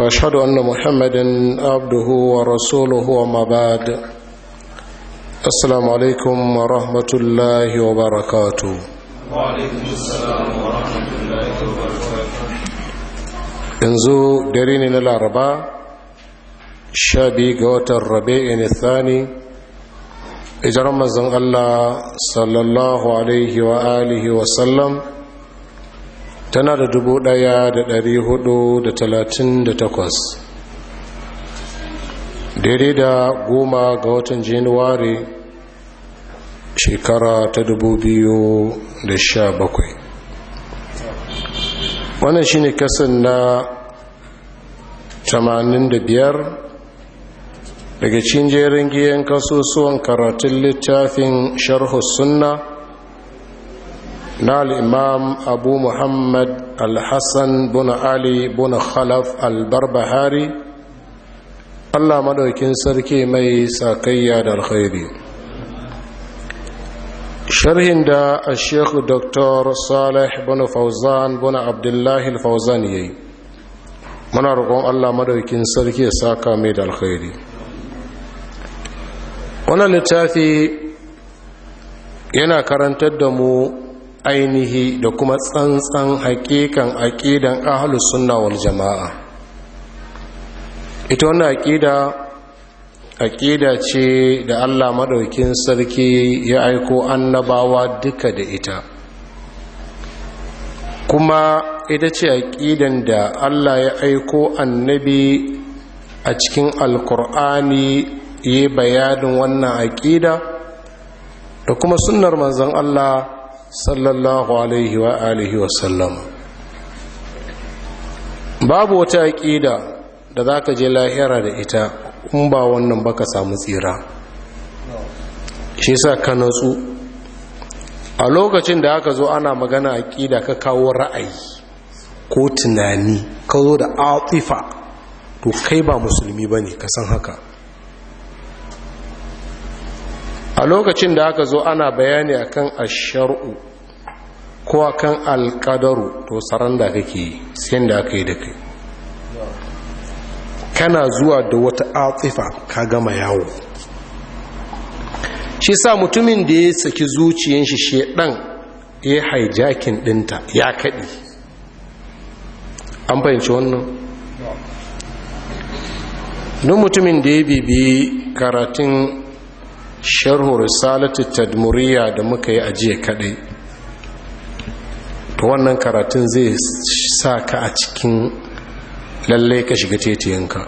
واشهد ان محمدا عبده ورسوله وما بعد السلام عليكم ورحمه الله وبركاته وعليكم السلام ورحمه الله وبركاته yanzu dare ne na laraba sha biyu ga watan rabi'in thani ijar manzon allah sallallahu alaihi wa alihi wa sallam tana da dubu ɗaya da ɗari hudu da talatin da takwas daidai da goma ga watan januwari shekara ta dubu biyu da sha bakwai wannan shine kasan na tamanin biyar daga cikin jerin giyan kasusuwan karatun littafin sharhu sunna na al'imam abu muhammad al-hassan buna ali buna khalaf al-barbahari allah maɗaukin sarki mai sakayya da alkhairi sharhin da a shekhu dr salih buna fauzan buna abdullahi fauzan yayi muna roƙon allah maɗaukin sarki ya saka mai da alkhairi wannan littafi yana karantar da mu ainihi da kuma tsantsan hakikan aƙidan ahalus sunna wal jama'a ita wannan aƙida aƙida ce da allah maɗaukin sarki ya aiko annabawa duka da ita kuma ita ce aƙidan da allah ya aiko annabi a cikin alkur'ani ya bayanin wannan aƙida da kuma sunnar manzon allah sallallahu alaihi wa alihi wasallam babu wata aƙida da za ka je lahira da ita in ba wannan baka samu tsira shi sa ka natsu a lokacin da aka zo ana magana aƙida ka kawo ra'ayi ko tunani ka zo da atifa to kai ba musulmi ba ne ka san haka a lokacin da aka zo ana bayani akan ashar'u ko akan alkadaru to tsaron da kake yi sin da aka yi da kai kana zuwa da wata atifa ka gama yawo shi sa mutumin da ya saki zuciyan shi shedan ya haijakin dinta ya kadi an fahimci wannan nun mutumin da ya bibi karatun sharhu Salatu tadmuriya da muka yi ajiye kadai to wannan karatun zai sa ka a cikin lalle ka shiga tetiyanka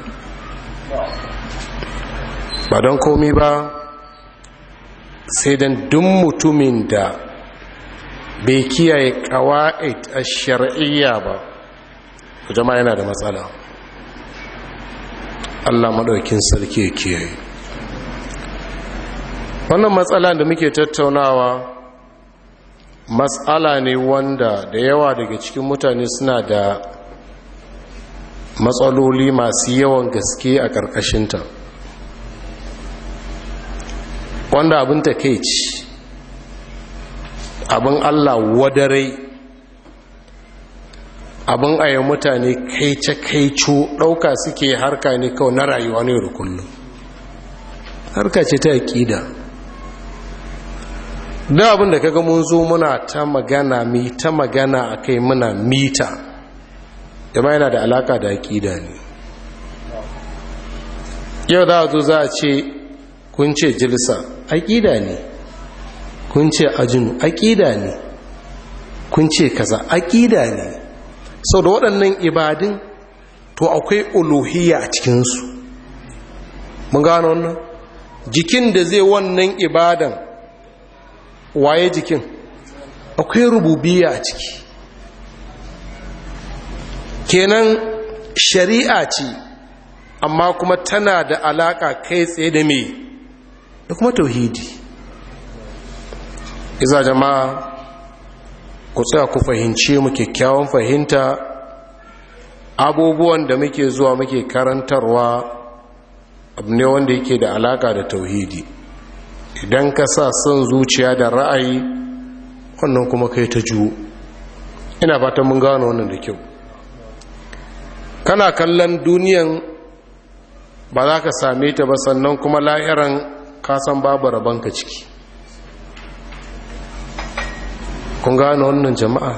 ba don komi ba sai don duk mutumin da bai kiyaye kawa'id a shari'iyya ba jama'a yana da matsala Allah maɗaukin sarki ya kiyaye wannan matsala da muke tattaunawa matsala ne wanda da yawa daga cikin mutane suna da matsaloli masu yawan gaske a ƙarƙashinta wanda abin ta takeici abin allah wadarai abin a mutane kaice-kaico ɗauka suke harka ne kawai na rayuwa ne da kullum harka ce ta aƙida da abin da kaga mun zo muna ta magana mi ta magana akai muna mita dama yana da alaka da aqida ne yau da zo za a ce kun ce jilsa aqida ne kun ce ajinu aqida ne kun ce kaza aƙida ne sau da waɗannan ibadin to akwai uluhiyya a cikinsu mun gano wannan jikin da zai wannan ibadan waye jikin akwai rububiya a ciki kenan shari'a ce amma kuma tana da alaka kai tsaye da mai da kuma tauhidi iza jama'a ku tsaya ku fahimce mu kyakkyawan fahimta abubuwan da muke zuwa muke karantarwa abu ne wanda yake da alaka da tauhidi idan ka sa son zuciya da ra'ayi wannan kuma kai ta juwo ina fatan mun gano wannan da kyau kana kallon duniyan ba za ka same ta ba sannan kuma la'iran kasan babu rabon ka ciki kun gano wannan jama'a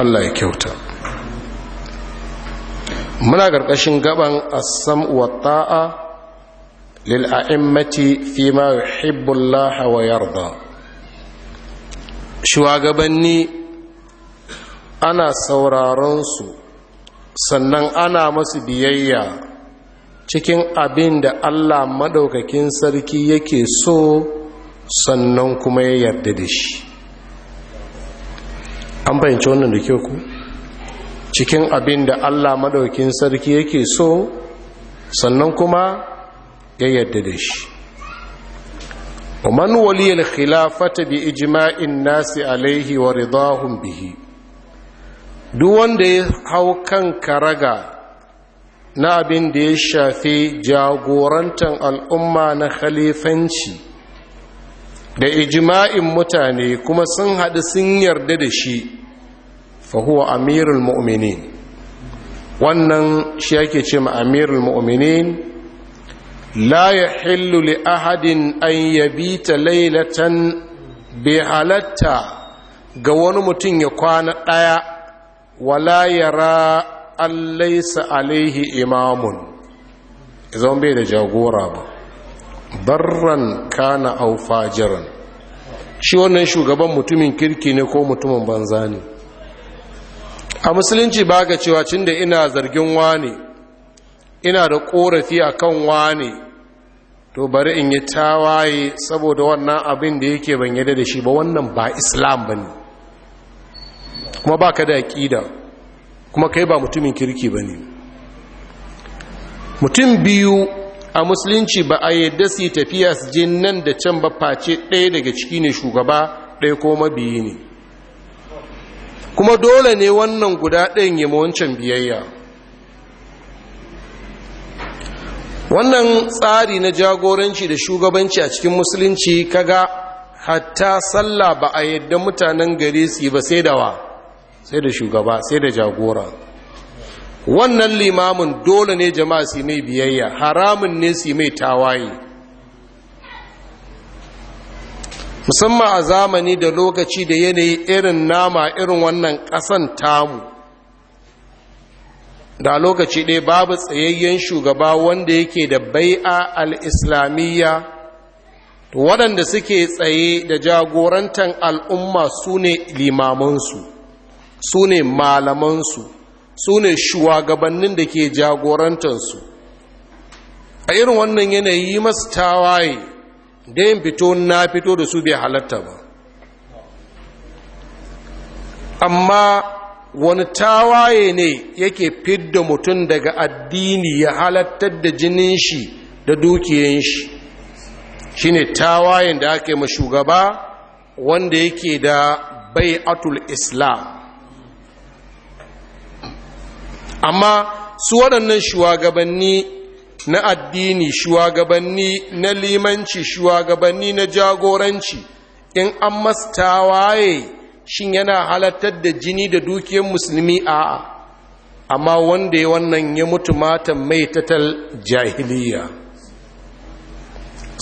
allah ya kyauta muna ƙarƙashin gaban asam wa ta'a lil'a'immati fi ma yuhibbullah wa yarda shugabanni ana sauraron su sannan ana masu biyayya cikin abin da Allah madaukakin sarki yake so sannan kuma ya yarda da shi an fahimci wannan da kyau ku cikin abin da Allah madaukakin sarki yake so sannan kuma ya yadda da shi khilafata bi الخلافة nasi alaihi wa ridahun bihi. duk wanda ya hau kan karaga na abin da ya shafi jagorantar al'umma na khalifanci da ijima'in mutane kuma sun haɗu sun yarda da shi fahuwa amirul mu'minin wannan shi yake ce ma amirul mu'minin la yahillu li ahadin an yabita laylatan bi halatta ga wani mutum ya kwana ɗaya wala yara an laisa alaihi imamun zan bai da jagora ba barran kana au fajiran shi wannan shugaban mutumin kirki ne ko mutumin banza ne a musulunci ba ga cewa tunda ina zargin wane ina da korafi kan wane to bari in yi tawaye saboda wannan abin da yake ban yada da shi ba wannan ba islam ba ne, kuma ba baka da ƙida, kuma kai ba mutumin kirki ba ne. mutum biyu a musulunci ba a yadda su tafiya su je nan da can ba face ɗaya daga ciki ne shugaba ɗaya ko mabiyi ne kuma dole ne wannan guda ɗayan yi wancan biyayya wannan tsari na jagoranci da shugabanci a cikin musulunci kaga hatta sallah ba a yadda mutanen gare su ba sai da wa sai da shugaba sai da jagora wannan limamin dole ne jama'a su mai biyayya haramun ne su mai tawaye musamman a zamani da lokaci da yanayi irin nama irin wannan ƙasan tamu da lokaci ɗaya babu tsayayyen shugaba wanda yake da bai'a al'islamiyya, waɗanda suke tsaye da jagorantar al'umma su ne limamansu su ne malamansu su ne shugabannin da ke jagorantarsu a irin wannan yanayi masu tawaye da yin fito na fito da su bai halatta ba amma wani tawaye ne yake fidda mutum daga addini ya halattar da jinin shi da dukiyan shi Shi ne tawayen da ake ma shugaba wanda yake da bai'atul islam amma su waɗannan shugabanni na addini shugabanni na limanci shugabanni na jagoranci in an masu tawaye shin yana halattar da jini da dukiyar musulmi a'a amma wanda ya wannan ya mutu matan mai tatal jahiliya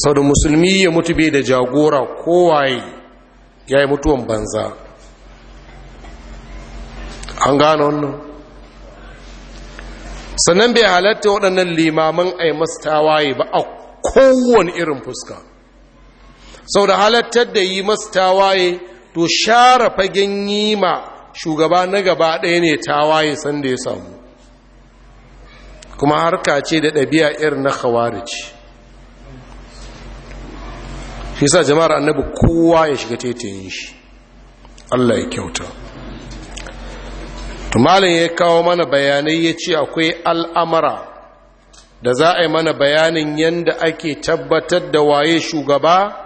sau da musulmi ya mutu bai da jagora kowaye ya yi mutuwan banza an gano wannan sannan bai halatta waɗannan limaman a yi tawaye ba a kowane irin fuska sau da halattar da yi masu tawaye to share fagen yima shugaba na gaba ɗaya ne ta tawaye sanda ya samu kuma harka ce da ɗabi'a irin na ce. shi sa jama'ar annabi kowa ya shiga tetayen shi allah ya kyauta tumalin ya kawo mana bayanai ya ce akwai al'amara da za a yi mana bayanin yadda ake tabbatar da waye shugaba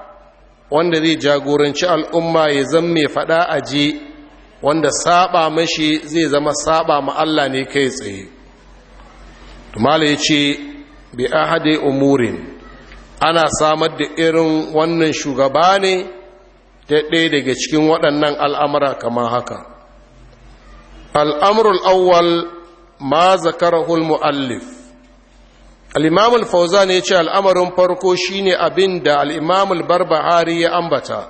wanda zai jagoranci al'umma ya zama mai fada a ji wanda saba mashi zai zama saba ma Allah ne kai tsaye tumala ya ce bi ahadi umurin ana samar da irin wannan shugaba ne ta daga cikin waɗannan al'amura kama haka al'amurul awwal ma zakarahul mu'allif al-imam al ya ce al'amarin farko shine abin da al-imam al-barbahari ya ambata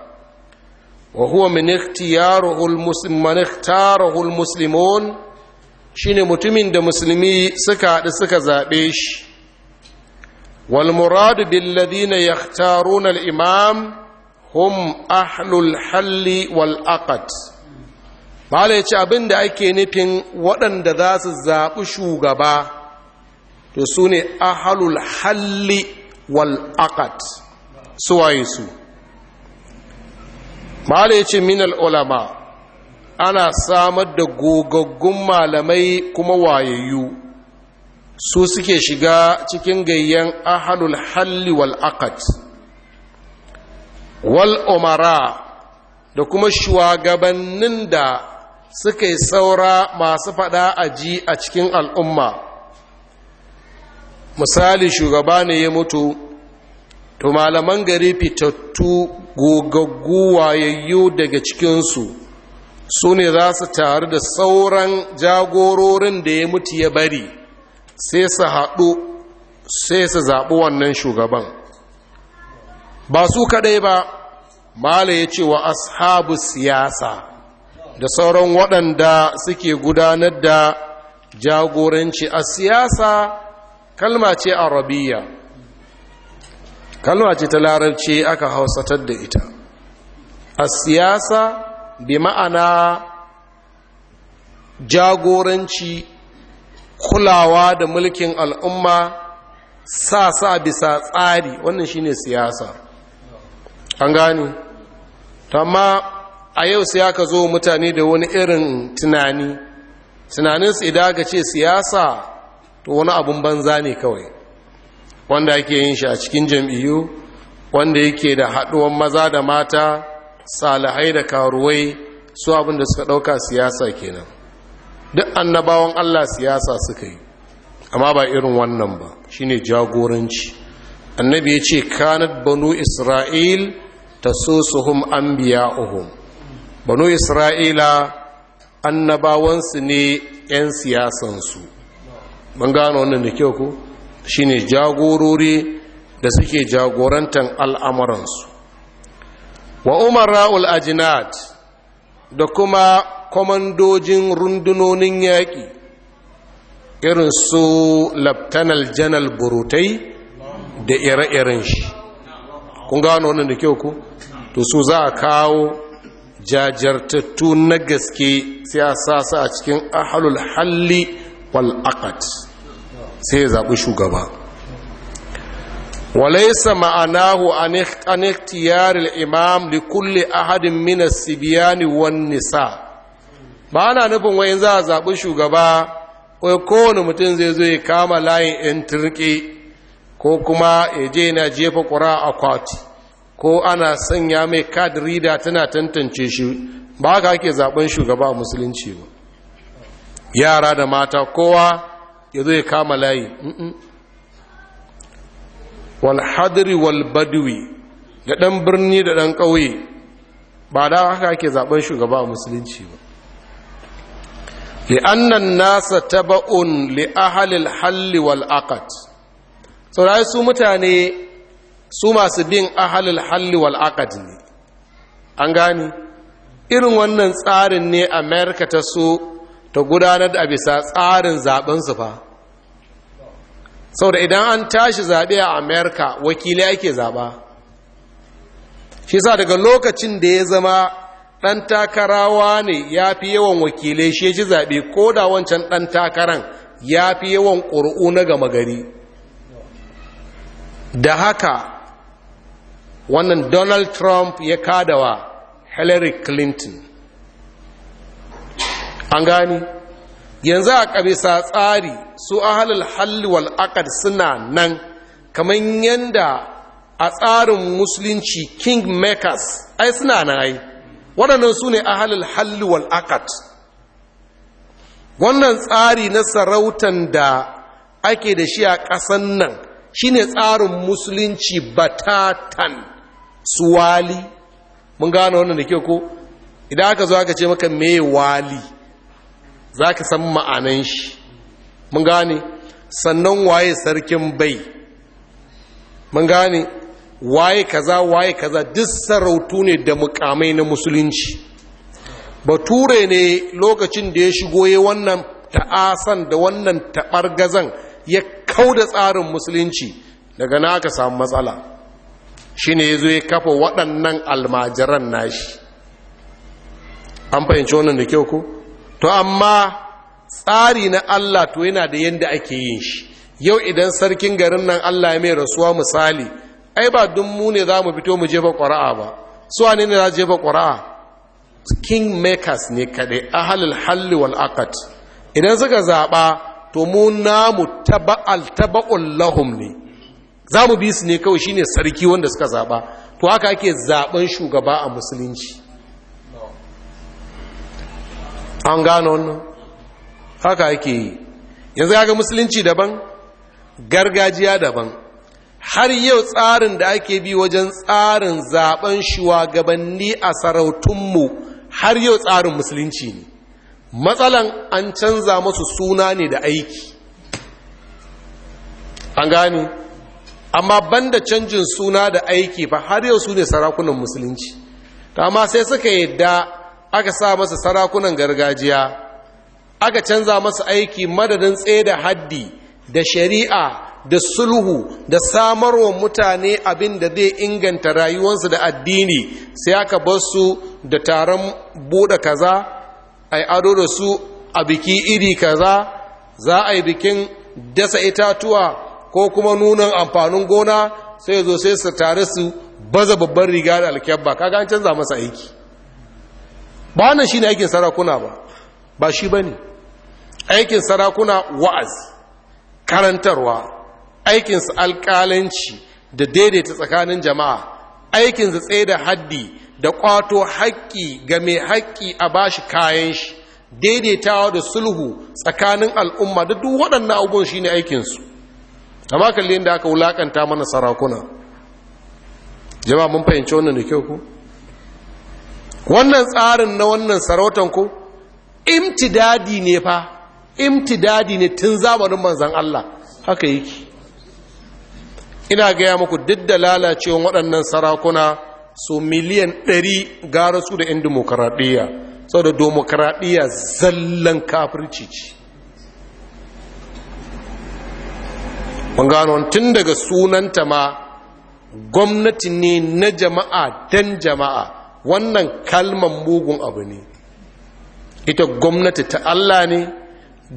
wa huwa min ikhtiyarihi al shine mutumin da musulmi suka haɗu suka zaɓe shi Walmuradu muradu bil ladina yakhtaruna al imam hum ahlul halli wal aqd bala yace abinda ake nufin waɗanda za su zaɓi shugaba to su ne ahalul halli wal aqad suwaye su mala ya ce minal ulama ana samar da gogaggun malamai kuma wayayyu su suke shiga cikin gayyan ahalul halli wal aqad wal umara da kuma shugabannin da suka yi saura masu fada aji a cikin al'umma misali shugaba ne ya mutu to malaman gari fitattu gogaggu wayayyu daga cikinsu su ne za su taru da sauran jagororin da ya mutu ya bari sai su haɗu sai su zaɓi wannan shugaban ba su kaɗai ba mala ya ce wa ashabu siyasa da sauran waɗanda suke gudanar da jagoranci a siyasa kalma ce a arabiya kalma ce ta larabci aka hausatar da ita a siyasa bi ma'ana jagoranci kulawa da mulkin al'umma sa sa bisa tsari wannan shine siyasa an gane amma a yau sai aka zo mutane da wani irin tunani tunaninsu idan aka ce siyasa to wani abun banza ne kawai wanda ake yin shi a cikin jam'iyyu wanda yake da haɗuwan maza da mata salihai da karuwai su abin suka ɗauka siyasa kenan duk annabawan allah siyasa suka yi amma ba irin wannan ba shine jagoranci annabi ya ce kanat banu isra'il ta sosuhum an biya uhum banu isra'ila annabawansu ne 'yan siyasansu mun gano wannan da kyau Shi shine jagorori da suke jagorantar al'amuransu wa umara'ul ajinat da kuma kwamandojin rundunonin yaƙi irin su laftanal janar burutai da ire-iren shi kun gano wannan da kyau ku to su za a kawo jajartattu na gaske siyasa a a cikin ahalul halli wal aqad sai ya zaɓi shugaba walaisa ma'anahu an ikhtiyar imam li kulli ahadin min as-sibyan wan nisa ba na nufin wai za a zaɓi shugaba ko kowane mutum zai zo ya kama layin yan turke ko kuma ya je na jefa ƙura a kwati ko ana sanya mai kad rida tana tantance shi ba ka ake zaɓen shugaba a musulunci ba yara da mata kowa ya zo ya kama layi walhadiri walbadwi da ɗan birni da ɗan ƙauye ba da haka ake zaben shugaba a musulunci ba li'annan nasa taba'un li'ahalil halli wal aqad saurayi su mutane su masu bin ahalil halli wal aqad ne an gani irin wannan tsarin ne america ta so ta gudanar da bisa tsarin zaɓensu fa sau da idan an tashi zaɓe a amerika wakili ake zaɓa shi sa daga lokacin da ya zama ɗan takarawa ne ya fi yawan wakilai shi ci zaɓe ko da wancan ɗan takaran ya fi yawan ƙuri'u na gama gari da haka wannan donald trump ya kadawa hillary clinton an gani yanzu a ƙabisa tsari su ahalul halli wal aqd suna nan kamar yanda a tsarin musulunci king makers ai suna nan ai waɗannan su ne ahalul halli wal aqd wannan tsari na sarautan da ake da shi a ƙasan nan shine tsarin musulunci batatan su wali mun gane wannan da ke ko idan aka zo aka ce maka me wali za ka san ma'anan shi mun gane sannan waye sarkin bai mun gane waye kaza waye kaza duk sarautu ne da mukamai na musulunci bature ne lokacin da ya shigo ya wannan ta'asan da wannan taɓargazan ya kau da tsarin musulunci daga na aka samu matsala shi ne ya zo ya kafa waɗannan almajiran nashi an fahimci wannan da kyau ko to amma tsari na Allah to yana da yadda ake yin shi yau idan sarkin garin nan Allah ya mai rasuwa misali ai ba dun mu ne za mu fito mu jefa ƙwara'a ba su wanene ne za jefa ƙwara'a king makers ne kaɗai ahalul halli wal aqd idan suka zaɓa to mu namu taba'al taba'ul lahum ne za mu bi su ne kawai shine sarki wanda suka zaɓa to haka ake zaɓen shugaba a musulunci an gano wannan haka ake yi yanzu kaga musulunci daban gargajiya daban har yau tsarin da ake bi wajen tsarin zaben shugabanni a sarautunmu har yau tsarin musulunci ne matsalan an canza masu suna ne da aiki an gane amma banda canjin suna da aiki fa har yau su ne sarakunan musulunci amma sai suka yadda aka sa masa sarakunan gargajiya aka canza masa aiki madadin tsaye da haddi da shari'a da sulhu da samarwa mutane abin da zai inganta rayuwarsu da addini sai aka bar su da taron buɗe kaza yi ado da su a biki iri kaza za a yi bikin dasa itatuwa ko kuma nunan amfanin gona sai zo sai su tare su baza babban riga da alkyabba kaga an canza masa aiki ba wannan ne aikin sarakuna ba ba shi ne aikin sarakuna wa'az karantarwa su alkalanci da daidaita tsakanin jama'a aikin tsaye da haddi da ƙwato haƙƙi ga mai haƙƙi a bashi kayan shi daidaitawa da sulhu tsakanin al'umma da duk waɗannan abubuwan shi ne aikinsu amma kalli yadda aka wulaƙanta mana sarakuna jama'a mun fahimci wannan da kyau ku wannan tsarin na wannan sarautan ko imtidadi ne fa imtidadi ne tun zamanin manzan Allah haka yake ina gaya muku duk da lalacewa waɗannan sarakuna su miliyan ɗari gara su da 'yan demokaraɗiyya sau da demokaraɗiyya zallan kafirci ce mun tun daga sunanta ma gwamnati ne na jama'a dan jama'a wannan kalman mugun abu ne ita gwamnati ta Allah ne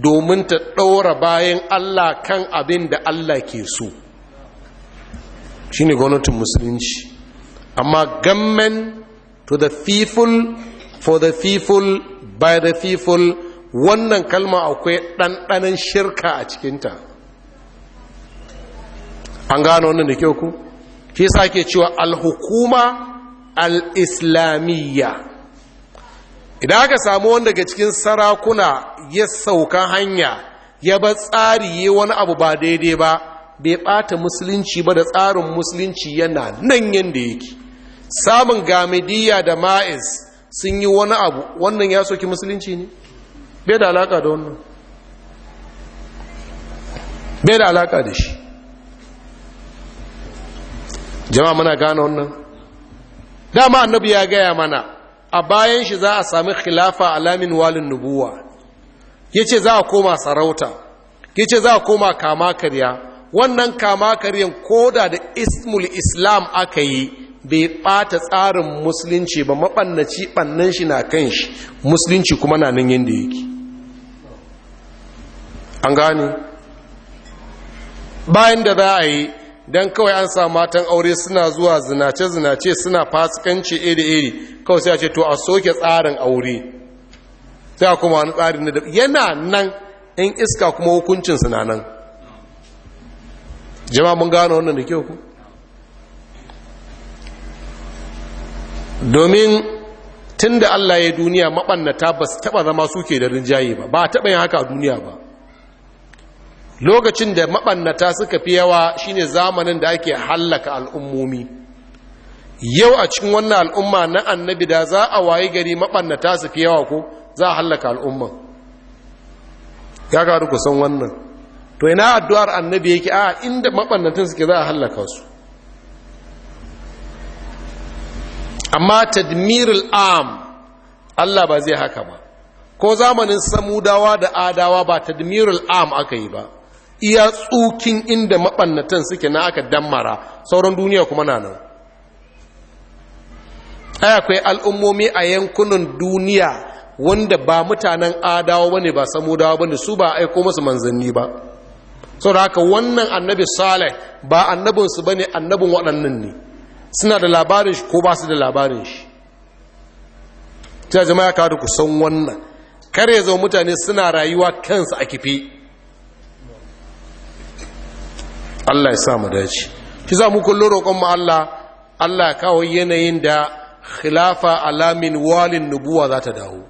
domin ta ɗora bayan Allah kan abin da Allah ke so shi ne gwamnatin musulunci amma gammen to the people for the people by the people wannan kalma akwai ɗanɗanan shirka a cikinta an gano wannan da kyau ku Ke sa ke cewa alhukuma Al'islamiyya, idan aka samu wanda daga cikin sarakuna ya sauka hanya ya ba tsari ya wani abu ba daidai ba bai bata musulunci ba da tsarin musulunci yana nan yadda yake samun gamidiyya da ma'is sun yi wani abu wannan ya soki musulunci ne bai da alaka da wannan bai da alaka da shi jama'a muna gane wannan dama annabi ya gaya mana a bayan shi za a sami khilafa alamin walin nubuwa ya ce za a koma sarauta ya ce za a koma kama karya wannan kama karyan koda da ismul islam aka yi bai ɓata tsarin musulunci ba mabannaci bannan shi na kan shi musulunci kuma na nan yadda yake an gane bayan da za a yi don kawai an sa matan aure suna zuwa zinace-zinace suna fasikanci iri-iri kawai sai ce to a soke tsarin aure sai kuma wani tsarin da yana nan in iska kuma hukuncin na nan Jama mun gano wannan da kyau ku domin tun da allah ya duniya maɓannata ba su taɓa zama suke da rinjaye ba ba a taɓa yin haka a duniya ba lokacin da mabannata suka fi yawa shine zamanin da ake hallaka al'ummomi yau a cikin wannan al'umma na annabi da za a wayi gari maɓannata su fi yawa ko za a hallaka al'umma ya karu san wannan to ina addu'ar annabi yake a inda maɓannatan suke za a hallaka su amma tadmirul am Allah ba zai haka ba ko zamanin samudawa da adawa ba tadmirul am aka yi ba iya tsukin inda mabannatan suke na aka dammara sauran duniya kuma na nan akwai al'ummomi a yankunan duniya wanda ba mutanen adawa ba ne ba samudawa ba ne su ba aiko masu manzanni ba sau da haka wannan annabi Salai ba annabinsu ba ne annabin waɗannan ne suna da labarin shi ko ba su da labarin shi ta jama'a kawo da kusan wannan kare zama mutane suna rayuwa kansu a kife Allah ya sa mu dace ki za mu kullu roƙon mu Allah Allah ya kawo yanayin da khilafa alamin walin nubuwa za ta dawo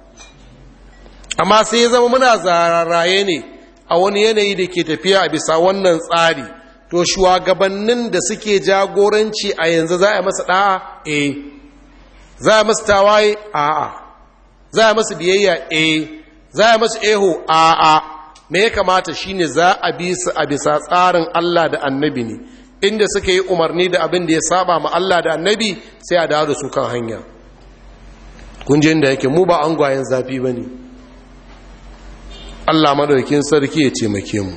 amma sai ya zama muna zararaye ne a wani yanayi da ke tafiya a bisa wannan tsari to shugabannin da suke jagoranci a yanzu za a masa ɗa'a? eh za a masa tawaye a'a za a masa biyayya eh za a masa eho a'a me ya kamata shine za a bi su a bisa tsarin Allah da annabi ne inda suka yi umarni da abin da ya saba ma Allah da annabi sai a dawo da su kan hanya kunjin da yake mu ba an gwayen zafi ba ne Allah madaukin sarki ya taimake mu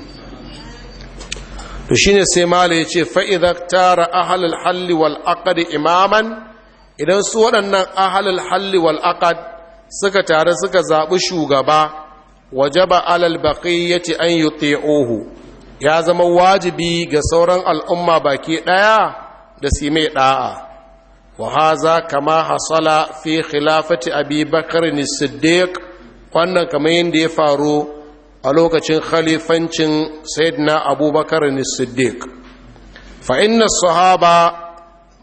to shine sai mala ya ce idza tara ahlul halli wal aqad imaman idan su waɗannan ahlul halli wal aqad suka tare suka zaɓi shugaba wajaba alal baqiyyati an yuti'uhu ya zama wajibi ga sauran al'umma baki ɗaya da su mai da'a wa haza kama hasala fi khilafati abi bakr siddiq wannan kamar yadda ya faru a lokacin khalifancin sayyidina abubakar siddiq fa inna sahaba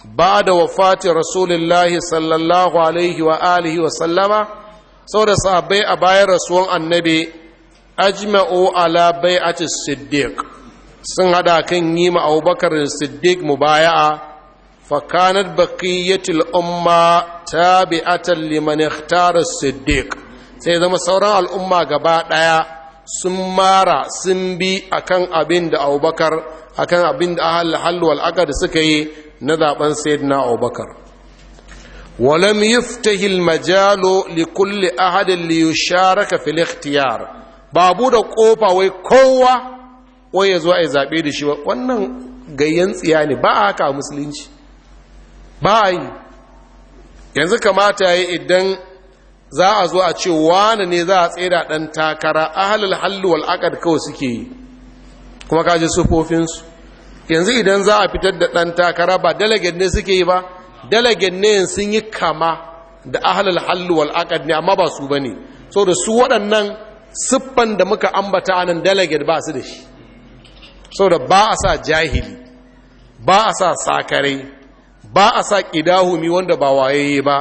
بعد وفاة رسول الله صلى الله عليه وآله وسلم saboda sahabbai a bayan rasuwan annabi ajma'u ala bai'ati siddiq sun hada kan yi ma abubakar siddiq mubaya'a فكانت بقية الأمة تابعة لمن اختار siddiq sai zama sauran al'umma gaba ɗaya sun mara sun bi akan abin da abubakar akan abin da ahal halwal aka da suka yi na zaben sayyidina abubakar ولم يفتح المجال لكل أحد ليشارك في الاختيار babu da kofa wai kowa wai ya zo zaɓe da shi wannan gayyan tsiya ne ba a haka musulunci ba a yi yanzu kamata ya idan za a zo a ce wani ne za a tsira ɗan takara ahalul hallu wal aqad kawai suke yi kuma kaji sufofinsu yanzu idan za a fitar da ɗan takara ba dalagen ne suke yi ba dalagen ne sun yi kama da ahlul hallu wal ne amma ba su bane saboda su waɗannan siffan da muka ambata anan dalagen ba su da shi da ba a sa jahili ba a sa sakarai ba a sa ƙidahumi, wanda ba waye ba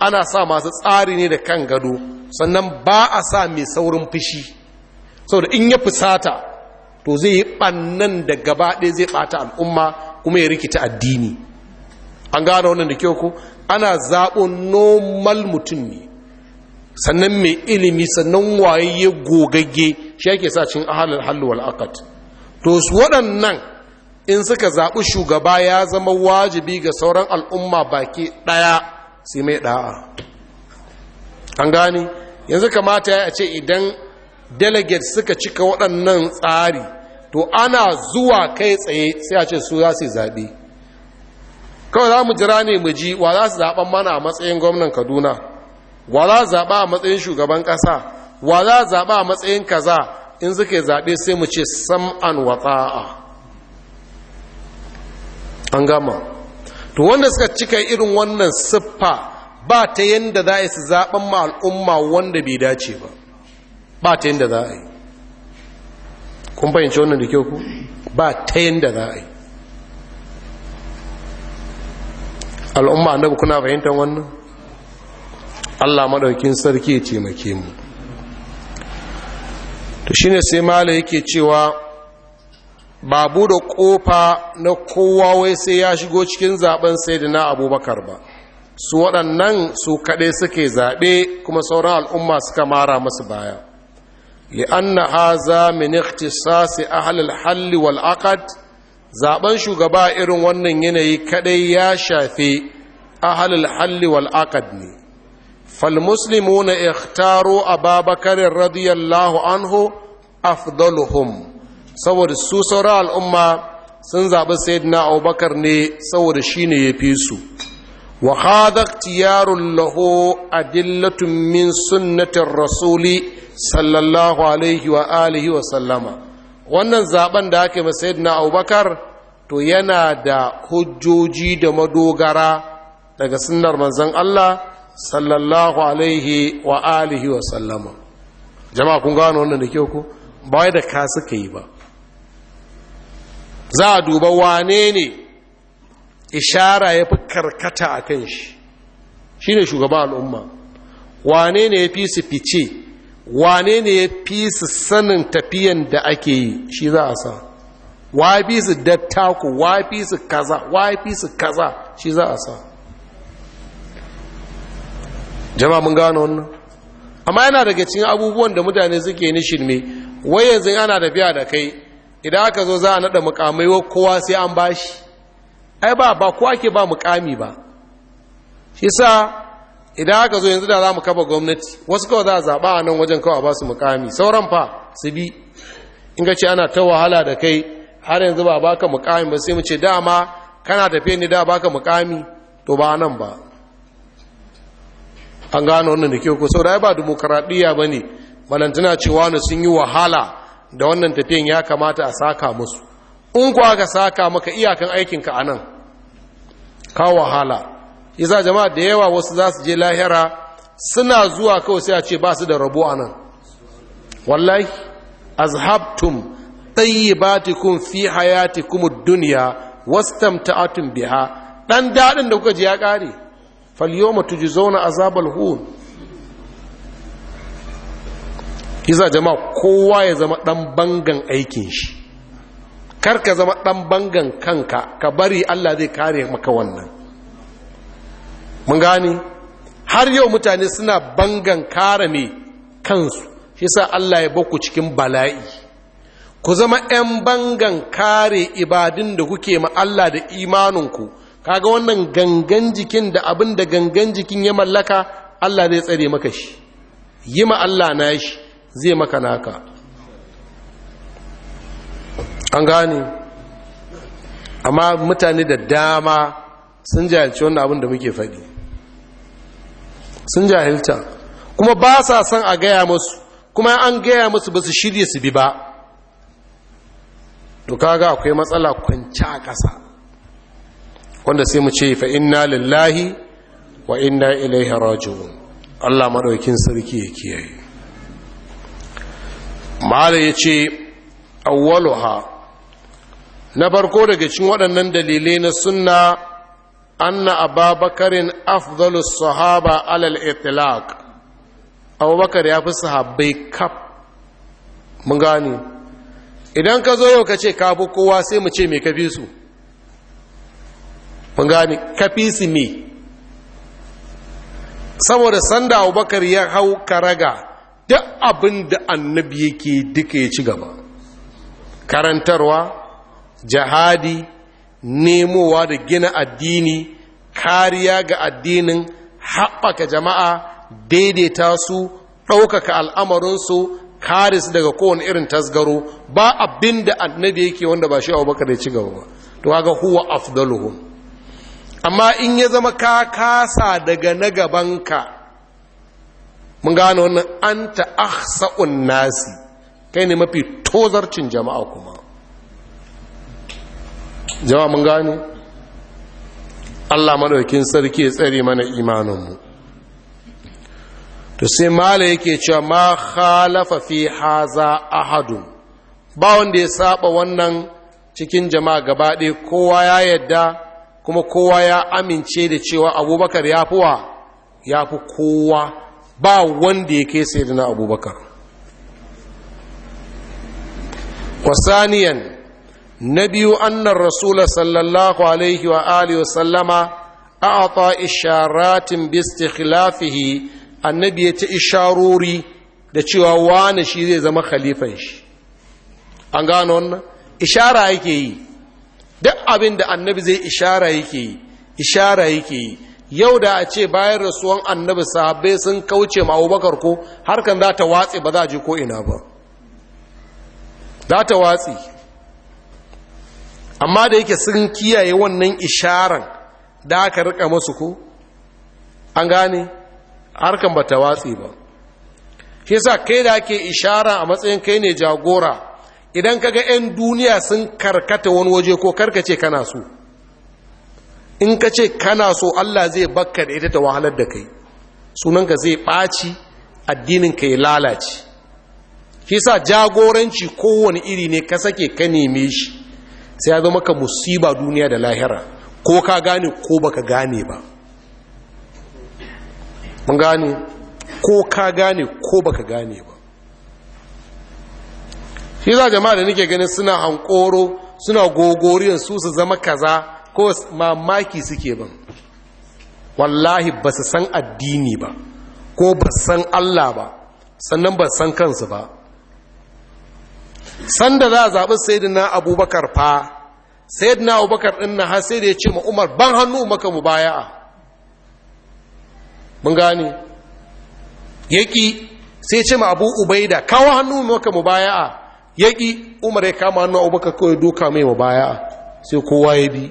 ana sa masu tsari ne da kan gado sannan ba a sa mai saurin fushi saboda in ya fusata to zai yi bannan da gaba ɗaya zai ɓata al'umma kuma ya rikita addini an gane wannan da kyau ko ana zaɓo normal mutum ne sannan mai ilimi sannan wayayye gogagge shi ake sa cin ahalar halluwal akad to su waɗannan in suka zaɓi shugaba ya zama wajibi ga sauran al'umma baki ɗaya sai mai ɗa'a an gane yanzu kamata ya ce idan delegate suka cika waɗannan tsari to ana zuwa kai tsaye sai a ce su za su zaɓe kawai za mu jira ne mu ji wa za su zaɓen mana a matsayin gwamnan kaduna wa za su zaɓa a matsayin shugaban ƙasa wa za su zaɓa a matsayin kaza in suka zaɓe sai mu ce sam'an watsa'a an gama to wanda suka cika irin wannan siffa ba ta yadda za a su zaɓen ma al'umma wanda bai dace ba ba ta yadda za a yi kun fahimci wannan da kyau ku ba ta yadda za a yi al'umma annabi kuna fahimtar wannan Allah maɗaukin sarki ya taimake mu to shine sai mala yake cewa babu da ƙofa na kowa wai sai ya shigo cikin zaben na abubakar ba su waɗannan su kaɗai suke zaɓe kuma sauran al'umma suka mara masu baya li'anna haza min ikhtisasi ahlil halli wal aqd zaben shugaba irin wannan yanayi kadai ya shafi ahalul halli wal aqd ne fal muslimuna ikhtaru ababakar radiyallahu anhu afdaluhum saboda su saura al'umma sun zaɓi sayyidina abubakar ne saboda shine fi su wa hadha ikhtiyarun a adillatun min sunnatin rasuli sallallahu alaihi wa alihi wa sallama wannan zaɓen da ake ma sayyidina abubakar to yana da hujjoji da madogara daga sunnar manzon Allah sallallahu alaihi wa alihi wa sallama jama'a kun gano wannan da kyau ko ba da ka suka yi ba za a duba wane ne ishara ya fi karkata a kan shi shi ne shugaban al'umma wane ne ya fi su fice wane ne ya fi su sanin tafiyan da ake yi shi za a sa Wafi su dattako wafi su kaza wafi su kaza shi za a sa Jama mun gano wannan amma yana daga cikin abubuwan da mutane suke ni shirme wai yanzu ana tafiya da kai idan aka zo za a naɗa mukamai wa kowa sai an bashi ai ba ba kowa ke ba mukami ba shi sa idan aka zo yanzu da za mu kafa gwamnati wasu kawai za a zaɓa a nan wajen kawai ba su mukami sauran fa su bi in ka ce ana ta wahala da kai har yanzu ba baka mukami ba sai mu ce dama kana tafe ni da baka mukami to ba nan ba an gano wannan da kyau ko ya ba ne ne balantana cewa ne sun yi wahala da wannan tafiyan ya kamata a saka musu in ku aka saka maka iyakan aikinka a nan ka wahala yasa jama'a da yawa wasu za su je lahira suna zuwa kawai sai a ce ba su da rabo a nan wallahi azhabtum tayyibatikum fi hayatikum ad-dunya wastamta'atum biha dan dadin da kuka ji ya kare falyawma tujzauna azabal hun kiza jama'a kowa ya zama dan bangan aikin shi kar ka zama dan bangan kanka ka bari Allah zai kare maka wannan mun gani har yau mutane suna bangan kare me kansu shi sa Allah ya baku cikin bala'i ku zama 'yan bangan kare ibadin da kuke ma Allah da imaninku kaga wannan gangan jikin da abin da gangan jikin ya mallaka Allah zai tsare maka shi yi ma Allah na shi zai maka naka an gane amma mutane da dama sun jahilci wannan abin da muke faɗi sun jahilta kuma ba sa son a gaya musu kuma an gaya musu ba su shirya su bi ba to kaga akwai matsala kwanci a ƙasa wanda sai mu ce fa inna lillahi wa inna ilaihi raji'un Allah madaukin sarki ya kiyaye mala yace awwaluha na farko daga cikin waɗannan dalilai na sunna anna ababakarin afdalu sahaba alal itlaq abubakar ya fi sahabbai kaf mun gani idan ka zo yau ka ce ka bi kowa sai mu ce mai kafi su mun gani su ne saboda sanda abubakar ya hau karaga duk abin da annabi yake duka ya ci gaba karantarwa jihadi nemowa da gina addini kariya ga addinin haɓaka jama'a daidaita su ɗaukaka al'amarinsu Karis daga kowane irin tasgaro ba abin da annabi yake wanda ba shi baka ya ci gaba ba to kaga huwa afdaluhum amma in ya zama ka kasa daga na gabanka mun gane wannan anta ahsa'un nasi kai ne mafi tozarcin jama'a kuma jama'a mun gane Allah madaukin sarki ya tsare mana imaninmu to sai mala yake cewa ma khalafa fi haza ahadun ba wanda ya saba wannan cikin jama'a gaba ɗaya kowa ya yadda kuma kowa ya amince da cewa abubakar ya fi wa ya fi kowa ba wanda ya kai sai na abubakar wasaniyan na biyu annar rasula sallallahu alaihi wa alihi wasallama a ata isharatin Bisti annabi ya ci isharori da cewa wani shi zai zama khalifan shi an gano wannan ishara yake yi duk abin da annabi zai ishara yake yi ishara yake yi yau da a ce bayan rasuwan annabi sahabbai sun kauce ma abubakar ko harkan za ta watse ba za a je ko ina ba za ta watse amma da yake sun kiyaye wannan isharan da aka rika masu ko an gane harkan ba ta watsi ba shi sa kai da ake ishara a matsayin kai ne jagora idan kaga 'yan duniya sun karkata wani waje ko karkace kana so in ka ce kana so Allah zai bakka da ita ta wahalar da kai sunanka zai ɓaci addinin ka ya lalace shi sa jagoranci kowane iri ne ka sake ka neme shi sai ya zama ka musiba duniya da lahira ko ka gane ko baka gane ba mun gane ko ka gane ko baka gane ba shi za jama'a da nake ganin suna hankoro suna gogoriyar su su zama kaza ko mamaki suke ban wallahi ba su san addini ba ko ba su san Allah ba sannan ba san kansu ba sanda za a zaɓi sayidina abubakar fa na abubakar ɗin na har sai da ya ce ma umar ban hannu maka mu baya'a mun gane yaki sai ce ma abu ubaida kawo hannu maka a yaki umar ya kama hannu ka kawai doka mai a sai kowa ya bi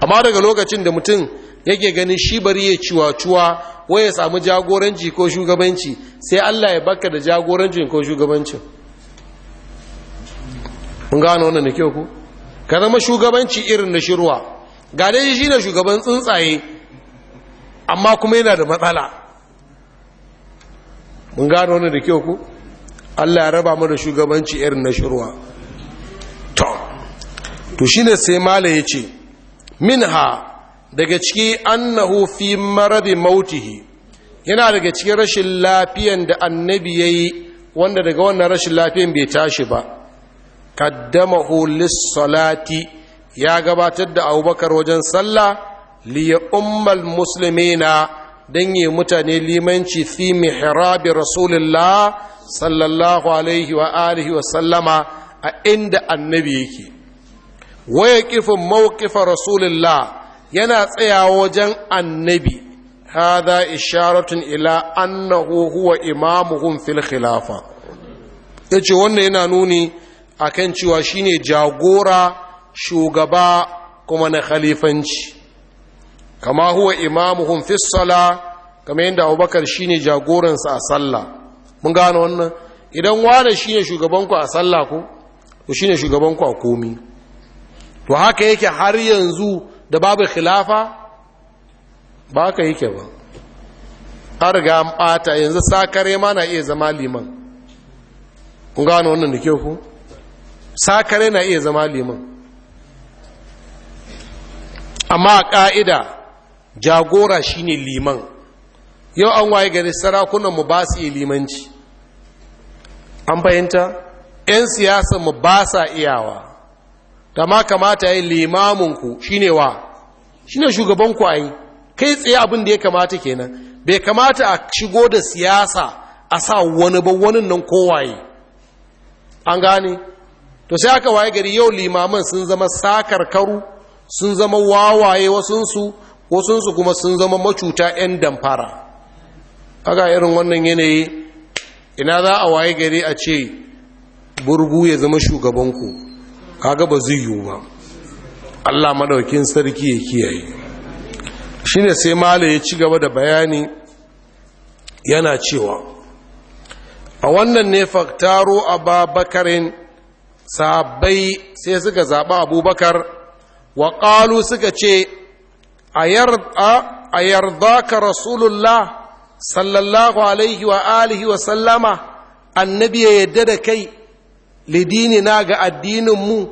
amma daga lokacin da mutum yake ganin shi bari ya ciwa-ciwa wai ya samu jagoranci ko shugabanci sai Allah ya baka da jagorancin ko shugabancin mun gano wannan da kyau ku ka zama shugabanci irin na shirwa ga dai shi ne shugaban tsuntsaye amma kuma yana da matsala mun gano wani da kyau ku allah ya raba mu shugabanci irin na shirwa to to shine sai mala ya ce minha daga ciki annahu fi maradi mautihi yana daga cikin rashin lafiyan da annabi ya yi wanda daga wannan rashin lafiyan bai tashi ba holis Salati ya gabatar da abubakar wajen sallah liya ummal muslimina don yi mutane limanci fi mihrabi rasulullah sallallahu alaihi wa alihi wa sallama a inda annabi yake waya kifin mawkifa rasulullah yana tsayawa wajen annabi hada isharatun ila annahu huwa imamuhum fil khilafa yace wannan yana nuni akan cewa shine jagora shugaba kuma na khalifanci kama huwa imamuhum fi sala kama yadda abubakar shine jagoransa a sallah mun gano wannan idan wane shine shugabanku a sallah ku to shine shugabanku a komi to haka yake har yanzu da babu khilafa ba haka yake ba har ga an bata yanzu sakare ma na iya zama liman Mun gano wannan da ke ku sakare na iya zama liman amma a ƙa'ida jagora shine liman yau an waye gari sarakunan mu ba su iya limanci an fahimta 'yan siyasa mu ba sa iyawa da ma kamata ya yi limaminku shine wa shine shugaban ayi? kai tsaye abin da ya kamata kenan bai kamata a shigo da siyasa a sa wani ba wani nan kowaye an gane to sai aka waye gari yau limaman sun zama sakar karu sun zama wawaye wasunsu wasunsu kuma sun zama macuta 'yan damfara kaga irin wannan yanayi ina za a waye gari a ce burgu ya zama shugabanku kaga ba zai yiwu ba allah madaukin sarki ya kiyaye shi sai mala ya ci gaba da bayani yana cewa a wannan ne faktaro a babakarin sabai sai suka zaɓa abubakar wa ƙalu suka ce a yarda ka rasulullah sallallahu alaihi wa alihi wa sallama annabi ya yadda da kai na ga addininmu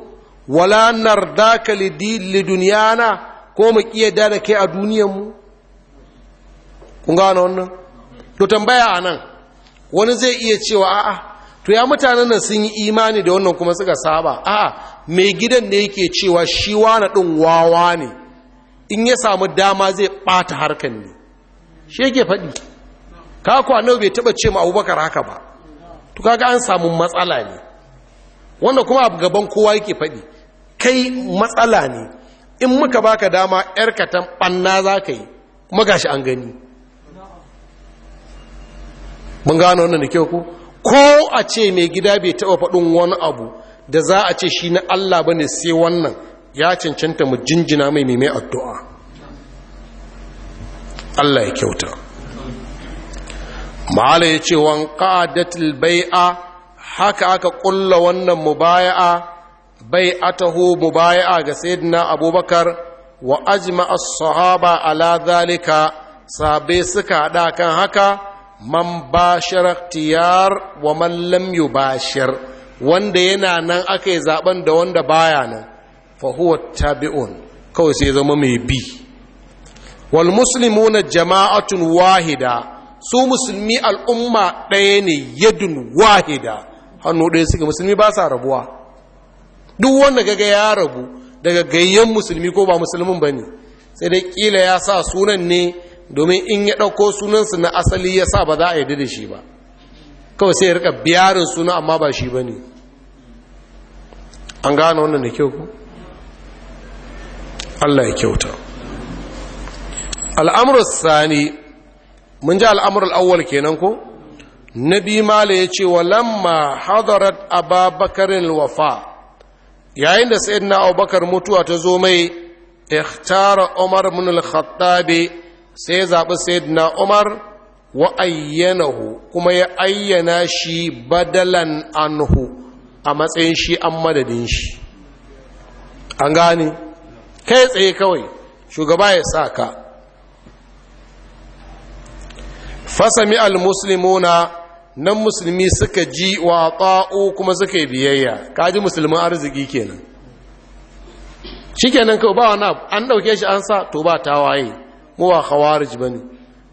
wala nardaka liduniyana ko mu ƙi yadda da kai a duniyanmu kun gano wannan to tambaya a nan wani zai iya cewa a'a to ya mutanen nan sun yi imani da wannan kuma suka saba a'a mai gidan ne yake cewa shi wana ɗin wawa ne in ya samu dama zai ɓata harkan ne shi yake faɗi kakwa nau bai taɓa ce ma abubakar haka ba to kaga an samu matsala ne wanda kuma a gaban kowa yake faɗi kai matsala ne in muka baka dama yarka ta ɓanna za ka yi kuma gashi an gani mun gano wannan da kyau ku? ko a ce mai gida bai taɓa faɗin wani abu da za a ce shi na Allah bane sai wannan ya cancanta mu jinjina mai mai addu'a Allah ya kyauta ma'ala ya ce wan bai bai'a haka aka ƙulla wannan mubaya'a bai'atahu mubaya'a ga sayyidina abubakar wa ajma a sahaba ala zalika sabai suka hada kan haka man bashir tiyar wa man lam yubashir wanda yana nan aka yi zaben da wanda baya nan fahuwa tabi'un kawai sai zama mai bi wal muslimuna jama'atun wahida su musulmi al'umma ɗaya ne yadun wahida hannu ɗaya suke musulmi ba sa rabuwa duk wanda gaga ya rabu daga gayyan musulmi ko ba musulmin ba ne sai dai ƙila ya sa sunan ne domin in ya ɗauko sunansu na asali ya sa ba za a yi da shi ba kawai sai ya rika biyarin suna amma ba shi ba ne an gane wannan da kyau ku Allah ya kyauta al'amurar sani mun ji al'amurar awwal kenan ko nabi mala ya ce walamma hadarat ababakarin wafa yayin da sai na abubakar mutuwa ta zo mai ikhtara umar mun al-khattabi sai ya zaɓi sayyidina umar wa ayyanahu kuma ya ayyana shi badalan anhu a matsayin shi an madadin shi an gane kai tsaye kawai shugaba ya sa ka fasami almuslimuna nan musulmi suka ji wa ta'u kuma suka yi biyayya kaji musulmin arziki kenan shikenan kawai ba wani an ɗauke shi an sa to ba ta waye, mu ba khawarij bane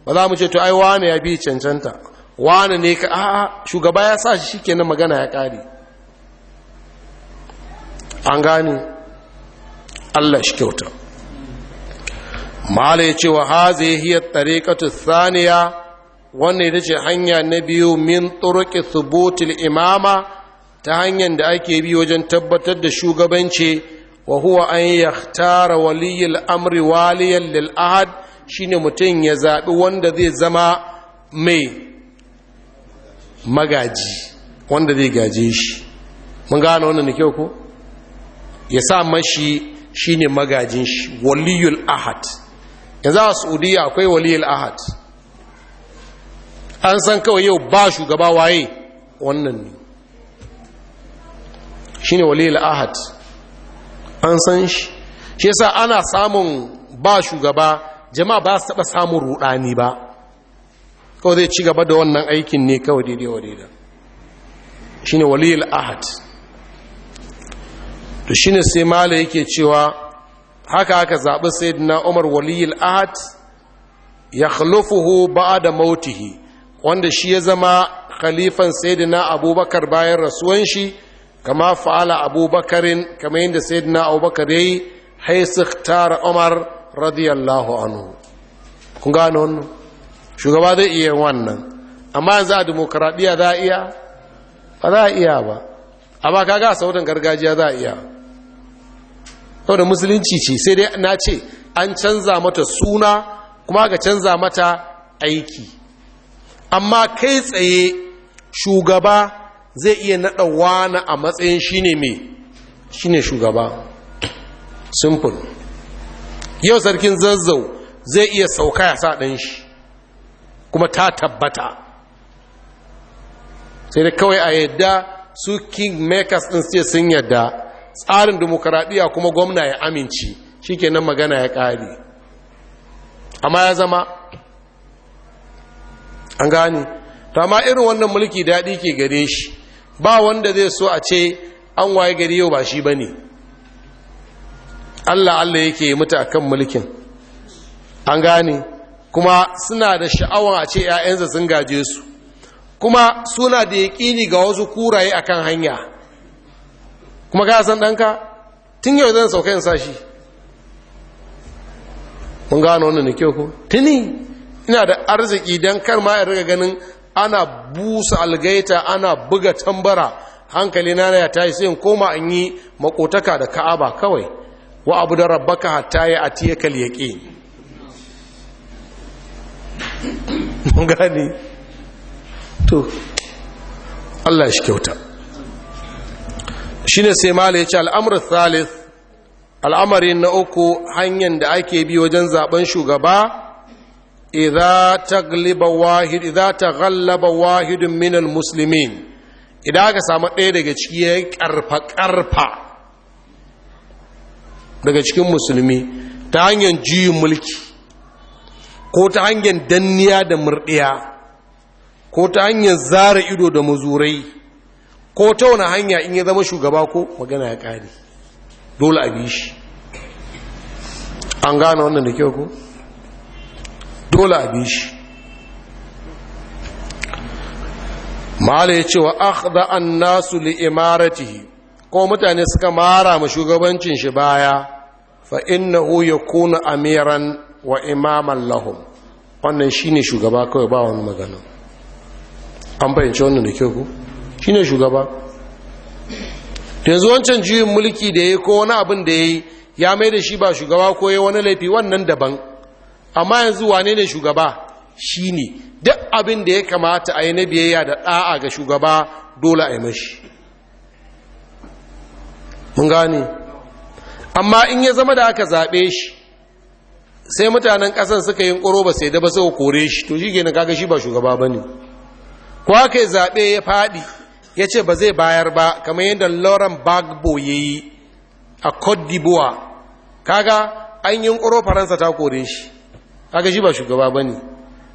ba za mu ce to ai wane ya bi cancanta wane ne ka a shugaba ya sa shi shikenan magana ya kare an gane Allah shi kyauta mala ya ce wa haze hiyar tariƙatu saniya wannan ita ce hanya na biyu min turuki subutul imama ta hanyar da ake bi wajen tabbatar da shugabanci wa huwa an yahtara waliyul amri waliyan lil shine mutum ya zaɓi wanda zai zama mai magaji wanda zai gaje shi mun gane wannan da kyau ko ya sa mashi Shi ne magajin shi waliyul ahad yanzu a saudiya akwai waliyul ahad an san kawai yau ba shugaba waye wannan ne Shi ne waliyul ahad an san shi shi yasa ana samun ba shugaba jama'a ba su taba samun rudani ba kawai zai ci gaba da wannan aikin ne kawai daidai da Shi ne waliyul ahad to shi ne sai mala yake cewa haka aka zaɓi sayyidina umar waliyul ahad ya khulufuhu ba'da mautihi wanda shi ya zama khalifan sayyidina abubakar bayan rasuwan shi kama fa'ala abubakarin kama yadda sayyidina abubakar yayi haisu tara umar radiyallahu anhu kun gano wannan shugaba zai iya wannan amma yanzu a demokaradiyya za a iya ba za a iya ba amma kaga a sautin gargajiya za a iya saboda musulunci ce sai dai na ce an canza mata suna kuma ga canza mata aiki amma kai tsaye shugaba zai iya naɗa wani a matsayin shine mai shine shugaba simple yau sarkin zazzau zai iya sauka ya sa ɗan shi kuma ta tabbata sai da kawai a yadda su king makers ɗin sai sun yadda tsarin demokaradiyya kuma gwamna ya amince shikenan magana ya kare amma ya zama an gane Tama irin wannan mulki daɗi ke gare shi ba wanda zai so a ce an waye gari yau ba shi bane Allah Allah yake mutu akan mulkin an gane kuma suna da sha'awan a ce 'ya'yansa sun gaje su kuma suna da yaƙini ga wasu kuraye akan hanya kuma ka san ɗanka tun yau zan sauka yin sashi mun gano wannan ne kyau ko tuni ina da arziki don kar ma ya riga ganin ana busa algaita ana buga tambara hankali na ya tashi sai in koma an yi makotaka da ka'aba kawai wa abu da rabbaka hatta ya atiya kal yaqin mun gani? to Allah shi kyauta shine sai mala ci al'amurin thalith al'amari na uku hanyar da ake bi wajen zaben shugaba idan tagliba wahid taghallaba wahidun min almuslimin idan aka samu ɗaya daga ciki ya karfa karfa daga cikin musulmi ta hanyar juyin mulki ko ta hanyar danniya da murɗiya ko ta hanyar zara ido da mazurai ko ta wani hanya in ya zama shugaba ko magana ya ƙari dole a shi an gane wannan da kyau ko dole a bi shi ma'ala ya ce wa akhda an nasu li ko mutane suka mara ma shugabancin shi baya fa ya kuna amiran wa imaman lahum wannan shine shugaba kawai ba wani magana an bayyance wannan da kyau ko shine shugaba yanzu wancan juyin mulki da ya yi ko wani abin da ya yi ya mai da shi ba shugaba ko ya wani laifi wannan daban amma yanzu wane ne shugaba shi ne duk abin da ya kamata a yi na biyayya da ɗa'a ga shugaba dole a yi mashi mun gane amma in ya zama da aka zaɓe shi sai mutanen ƙasan suka yi ƙoro ba sai da ba suka kore shi to shi ke kaga shi ba shugaba ba ne ko aka yi zaɓe ya faɗi ya ce ba zai bayar ba kamar yadda lauren bagbo ya yi a cote d'ivoire kaga an yi ƙoro faransa ta kore shi kaga shi ba shugaba ba ne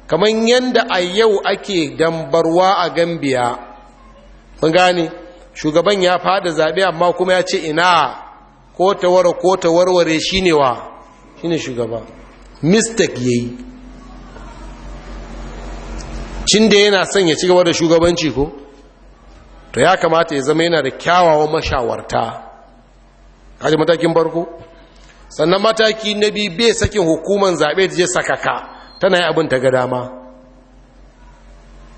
kamar yadda a yau ake dambarwa a gambiya mun gane shugaban ya fada zaɓe amma kuma ya ce ina ko ta ko ta warware shi ne wa shi ne shugaba mistake ya yi cin da yana son ya ci gaba da shugabanci ko to ya kamata ya zama yana da kyawawan mashawarta kaji matakin barko sannan mataki na biyu bai sakin hukuman zaɓe ta je sakaka tana yi abin ta ga dama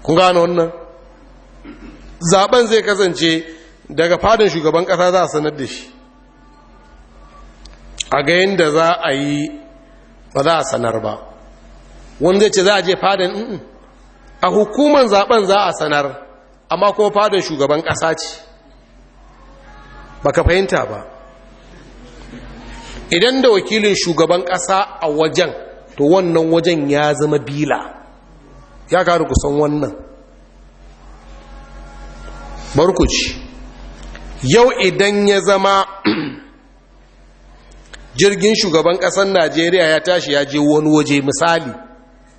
kun gano wannan Zaɓen zai kasance daga fadin shugaban ƙasa za a sanar da shi a ga yadda za a yi ba za a sanar ba wanda ce za a je fadin a hukuman zaɓen za a sanar amma kuma fadar shugaban ƙasa ce baka fahimta ba idan da wakilin shugaban ƙasa a wajen to wannan wajen ya zama bila ya karu kusan wannan barkuci yau idan ya zama jirgin shugaban ƙasar najeriya ya tashi ya je wani waje misali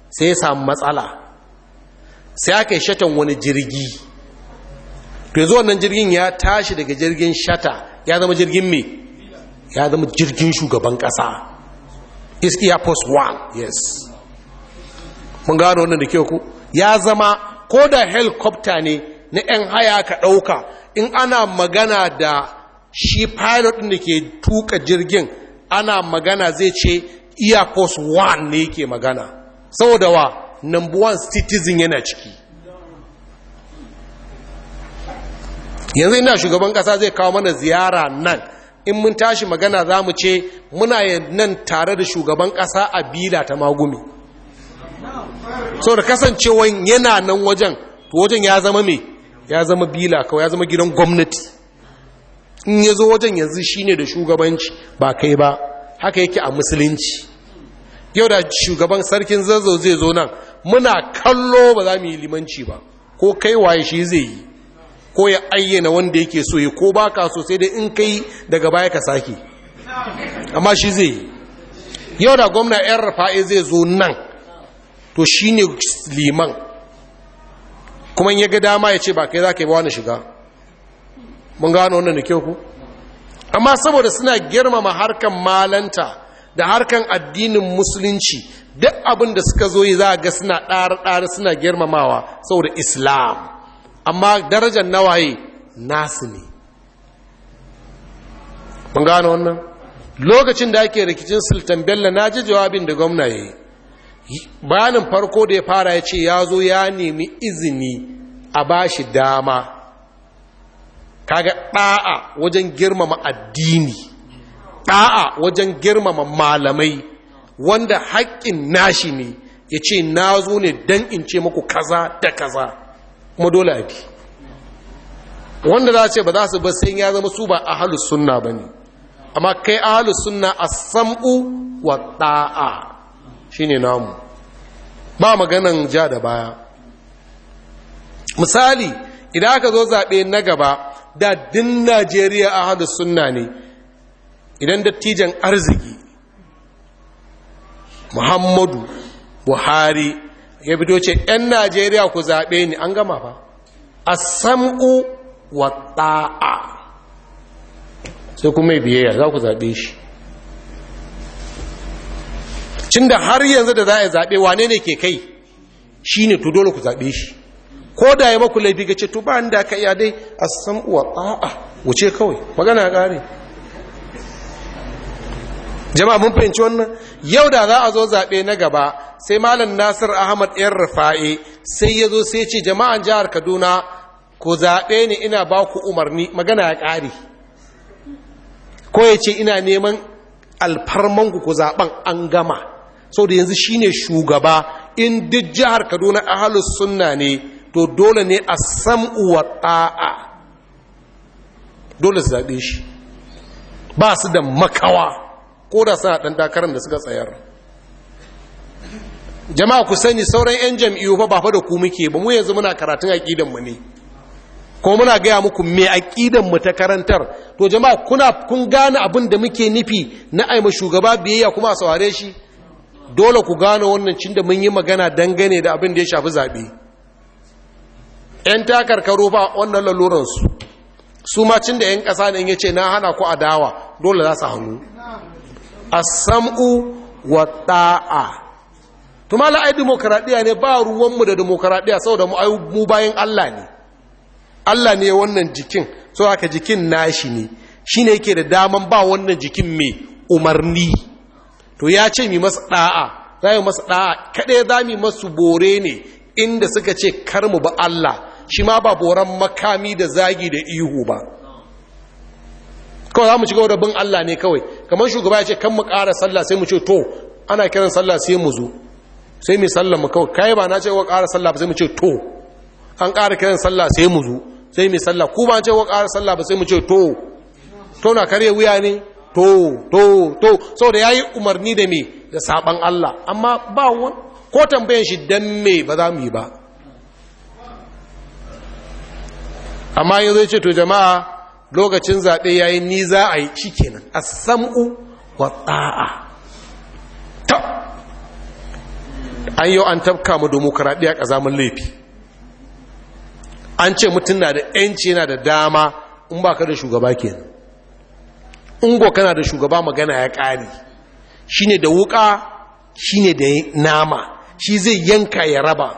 sai ya samu matsala sai aka yi shatan wani jirgi to yanzu wannan jirgin ya tashi daga jirgin shata ya zama jirgin me ya zama jirgin shugaban ƙasa is air force one yes mun gano wannan da ke ku ya zama ko da helicopter ne na 'yan haya ka ɗauka in ana magana da shi pilot da ke tuka jirgin ana magana zai ce air force one ne ke magana saboda wa number one citizen yana ciki yanzu ina shugaban kasa zai kawo mana ziyara nan in mun tashi magana za mu ce muna nan tare da shugaban kasa a bila ta magumi so da kasancewan yana nan wajen to wajen ya zama me ya zama bila kawai ya zama gidan gwamnati in ya zo wajen yanzu shine da shugabanci ba kai ba haka yake a musulunci yau da shugaban sarkin zazzau zai zo nan muna kallo ba za mu yi limanci ba ko kai waye shi zai yi ko ya ayyana wanda yake so ya ko baka so sai dai in kai daga baya ka sake amma shi zai yau da gwamna yan rafa'i zai zo nan to shi ne liman kuma ya ga dama ya ce ba kai za ka yi wani shiga mun gano wannan da kyau ku amma saboda suna girmama harkan malanta da harkan addinin musulunci duk abin da suka zo yi za a ga suna ɗara-ɗara suna girmamawa saboda islam amma darajar nawaye nasu ne mun gano wannan lokacin da ake rikicin sultan bello na ji jawabin da gwamna ya yi bayanin farko da ya fara ya ce ya zo ya nemi izini a ba shi dama kaga ɗa'a wajen girmama addini ɗa'a wajen girmama malamai wanda haƙƙin nashi ne ya ce na zo ne don in ce muku kaza da kaza kuma dole a bi wanda za ce ba za su bar sai ya zama su ba ahalus suna ba ne amma kai ahalus suna a sam'u wa ɗa'a shi ne namu ba maganan ja da baya misali idan aka zo zaɓe na gaba da din najeriya ahalus suna ne idan dattijan arziki muhammadu buhari ya bido ce 'yan najeriya ku zaɓe ni an gama ba a sam'u wa ta'a sai kuma yi biyayya za ku zaɓe shi cin da har yanzu da za a zaɓe wane ne ke kai shi ne to dole ku zaɓe shi ko da ya maku laifi ga ce to ba da ka iya dai a sam'u wa ta'a wuce kawai magana ƙare jama'a mun fahimci wannan yau da za a zo zaɓe na gaba sai malam nasir ahmad yan rufa'i sai ya zo sai ce jama'an jihar kaduna ku zaɓe ni ina ba ku umarni magana ya ƙari ko ya ce ina neman alfarmanku ku zaɓen an gama sau da yanzu shine shugaba in duk jihar kaduna ahalus sunna ne to dole ne a sam'u wa ɗa'a dole su zaɓe shi ba su da makawa ko da suna ɗan takarar da suka tsayar jama'a ku sani sauran 'yan jam'iyyu ba ba fa da ku muke ba mu yanzu muna karatun mu ne ko muna gaya muku me aƙidanmu ta karantar to jama'a kuna kun gane abin da muke nufi na aima shugaba biyayya kuma a saurare shi dole ku gane wannan cin da mun yi magana dangane da abin da ya shafi zaɓe 'yan takarkaro ba wannan laluransu su ma cin da 'yan ƙasa ne ya ce na hana ku adawa dole za su hannu a sam'u wa ɗa'a tumala ai demokradiya ne ba ruwanmu da demokradiya saboda mu ai bayan Allah ne Allah ne wannan jikin so haka jikin nashi ne shi ne yake da daman ba wannan jikin mai umarni to ya ce mi masa da'a za mu masa da'a kade za mu masu bore ne inda suka ce kar mu ba Allah shi ma ba boran makami da zagi da ihu ba kawai za mu ci gaba da bin Allah ne kawai kamar shugaba ya ce kan mu ƙara sallah sai mu ce to ana kiran sallah sai mu zo sai mai sallar mu kawai kai ba na ce wa ƙara sallah ba sai mu ce to an ƙara kiran sallah sai mu zo sai mai sallah ku ba ce wa ƙara sallah ba sai mu ce to to na karya wuya ne to to to saboda yayi umarni da me da saban Allah amma ba wani ko tambayan shi dan me ba za mu yi ba amma yanzu ya ce to jama'a lokacin zaɓe ya yi ni za a yi shi kenan a sam'u wa ta'a ta an yau an tabka mu demokuraɗiyya ƙazamin laifi an ce mutum na da ‘yanci yana da dama in ba ka da shugaba kenan in go kana da shugaba magana ya ƙari shi ne da wuƙa shi ne da nama shi zai yanka ya raba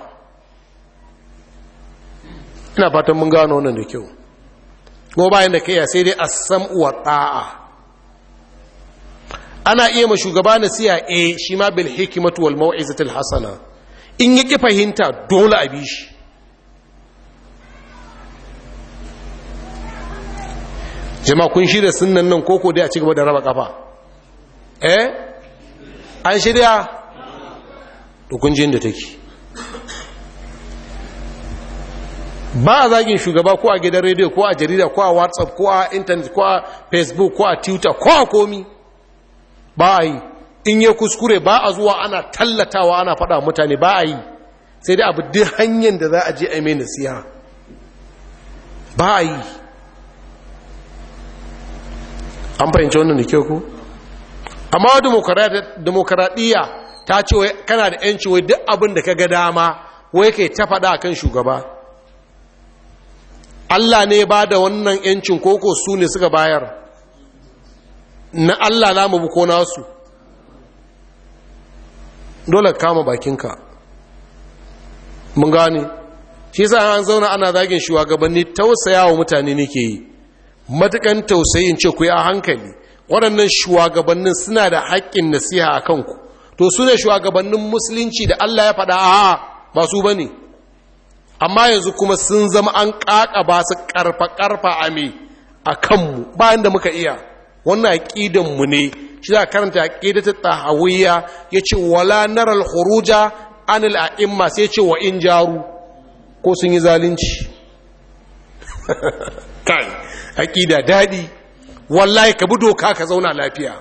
ina fatan mun gano wannan da kyau ko bayan da kaiya sai dai a wa ɗa'a ana iya ma shugaba nasiha a eh, shi ma bil hikimatu wal mau'izatil hasana in yake fahimta dole a bi shi jama'a kun shirya sunnan nan koko dai a cigaba da raba kafa eh an shirya hukuncin da take ba a zagin shugaba ko a gidan rediyo ko a jarida ko a whatsapp ko a internet ko a facebook ko a twitter ko a komi ba a yi in ya kuskure ba a zuwa ana tallatawa ana faɗa mutane ba a yi sai dai abu duk hanyar da za a je a mai siya ba a yi an fahimci wannan da kyau ku amma demokaradiyya ta ce kana da yanci wai duk abin da ka ga dama wai kai ta faɗa kan shugaba Allah ne ba da wannan yancin koko su ne suka bayar na Allah za mu ko nasu dole kama bakinka mun gane shi sa an zauna ana zagin shugabanni tausaya wa mutane ne ke yi matukan tausayin ce ku yi a hankali waɗannan shugabannin suna da haƙƙin nasiha a kanku to su ne shugabannin musulunci da Allah ya faɗa a ba su ba ne amma yanzu kuma sun zama an ƙaƙa ba su ƙarfa-ƙarfa a a kanmu bayan da muka iya wannan aƙidan mu ne shi za karanta aqidat tahawiyya yace wala naral khuruja anil a'imma sai ce wa in jaru ko sun yi zalunci kai aqida dadi wallahi ka bi doka ka zauna lafiya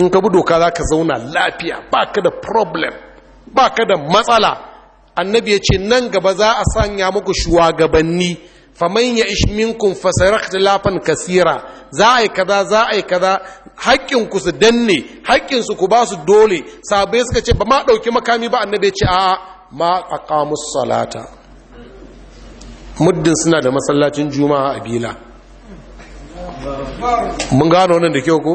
in ka bi doka za ka zauna lafiya ba ka da problem ba ka da matsala annabi ya ce nan gaba za a sanya muku shugabanni faman ya ishi minkum fasarakta lafan kasira za a yi kaza za a yi kaza haƙƙinku su danne haƙƙinsu ku ba su dole sabai suka ce ba ma ɗauki makami ba annabi ce a ma a aqamu salata muddin suna da masallacin juma'a a bila mun gano nan da kyau ko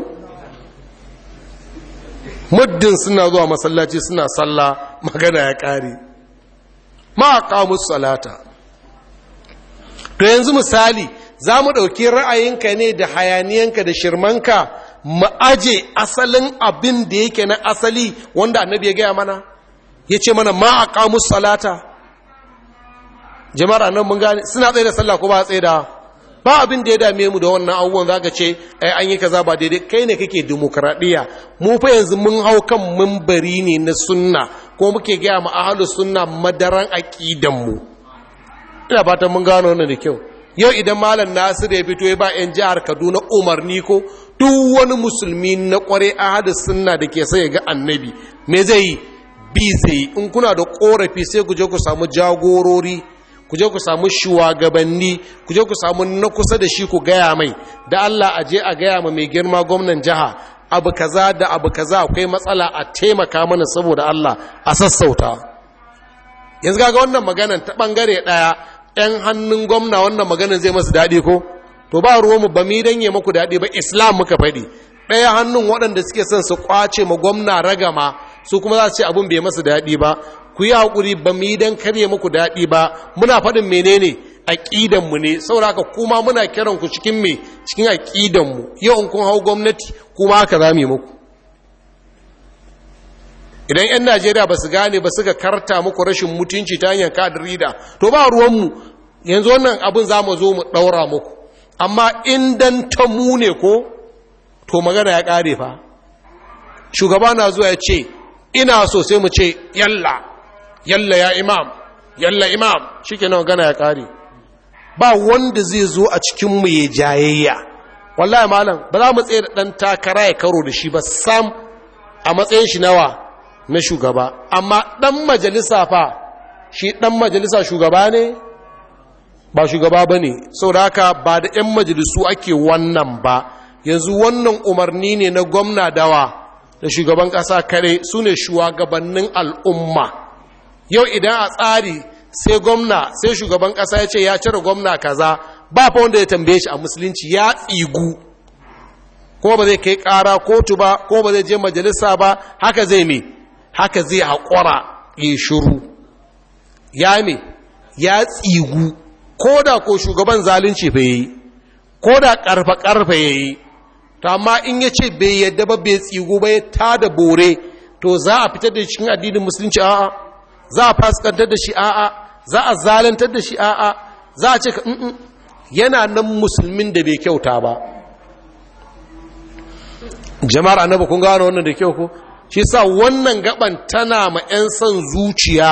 muddin suna zuwa masallaci suna sallah magana ya ƙare ma a aqamu salata to yanzu misali za mu ɗauki ra'ayinka ne da hayaniyanka da shirmanka mu aje asalin abin da yake na asali wanda annabi ya gaya mana ya ce mana ma a salata jama'ar nan mun gane suna tsaye da sallah ko ba tsaye da ba abin da ya dame mu da wannan abubuwan za ka ce ai an yi kaza ba daidai kai ne kake demokradiyya mu fa yanzu mun hau kan mimbari ne na sunna ko muke gaya mu sunna madaran aqidan mu ina fatan mun gano wannan da kyau yau idan malam nasir ya fito ya ba 'yan jihar kaduna umarni ko duk wani musulmi na kware hada sunna da ke sai ga annabi me zai yi bi zai in kuna da korafi sai ku je ku samu jagorori ku je ku samu shugabanni ku je ku samu na kusa da shi ku gaya mai da Allah a je a gaya ma mai girma gwamnan jiha abu kaza da abu kaza akwai matsala a taimaka mana saboda Allah a sassauta yanzu kaga wannan maganan ta bangare daya 'yan hannun gwamna wannan magana zai masu daɗi ko to ba ruwanmu ba mi don yi maku daɗi ba islam muka faɗi ɗaya hannun waɗanda suke son su kwace ma gwamna ragama su kuma za su ce abin bai masu daɗi ba ku yi haƙuri ba mi yi don karye muku daɗi ba muna faɗin menene aƙidanmu ne sauraka kuma muna kiran ku cikin me cikin aƙidanmu yau in kun hau gwamnati kuma aka za mu muku idan 'yan najeriya ba su gane ba suka karta muku rashin mutunci ta hanyar kadin da to ba ruwanmu yanzu wannan abin za mu zo mu ɗaura muku amma in dan ta mune ko to magana ya ƙare fa shugaba na zuwa ya ce ina so sai mu ce yalla yalla ya imam yalla imam shi ke magana ya ƙare ba wanda zai zo a cikinmu ya jayayya wallahi malam ba za mu tsaye da ɗan takara ya karo da shi ba sam a matsayin shi nawa na shugaba amma ɗan majalisa fa shi ɗan majalisa shugaba ne ba shugaba ba ne saboda haka ba da 'yan majalisu ake wannan ba yanzu wannan umarni ne na gwamna dawa da shugaban ƙasa kare su ne shugabannin al'umma yau idan a tsari sai gwamna sai shugaban ƙasa ya ce ya cire gwamna kaza ba fa wanda ya tambaye shi a musulunci ya tsigu ko ba zai kai ƙara kotu ba ko ba zai je majalisa ba haka zai ne haka zai haƙura ya shuru ya me ya tsigu ko da ko shugaban zalunci bai yi ko da ƙarfa-ƙarfa ya yi ta amma in ya ce bai yadda ba bai tsigu ba ya ta da bore to za a fitar da cikin addinin musulunci a'a za a fasikantar da shi a'a za a zalantar da shi a'a za a ce ka yana nan musulmin da bai kyauta ba jama'ar annabi kun gano wannan da kyau ko shi sa wannan gaban tana ma 'yan son zuciya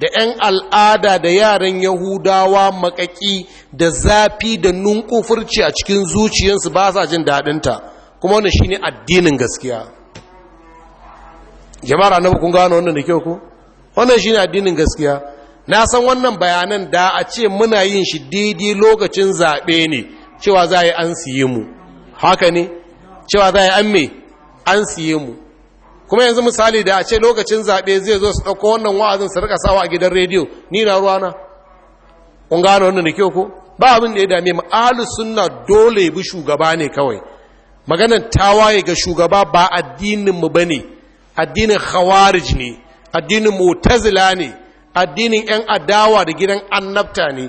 da 'yan al'ada da yaran yahudawa makaki da zafi da nunkufurci a cikin zuciyarsu ba sa jin daɗinta kuma wannan ne addinin gaskiya jama'ar annabu kun gano wannan da kyau ko wannan shi ne addinin gaskiya na san wannan bayanan da a ce muna yin shi daidai lokacin zaɓe ne cewa za a yi an siye mu haka ne cewa za a yi an me an siye mu kuma yanzu misali da a ce lokacin zaɓe zai zo su ɗauko wannan wa'azin su rika sawa a gidan rediyo ni na ruwana kun gano wannan da kyau ko ba abin da ya dame mu alu sunna dole bi shugaba ne kawai maganar tawaye ga shugaba ba addinin mu bane addinin khawarij ne addinin mu'tazila ne addinin yan adawa da gidan annabta ne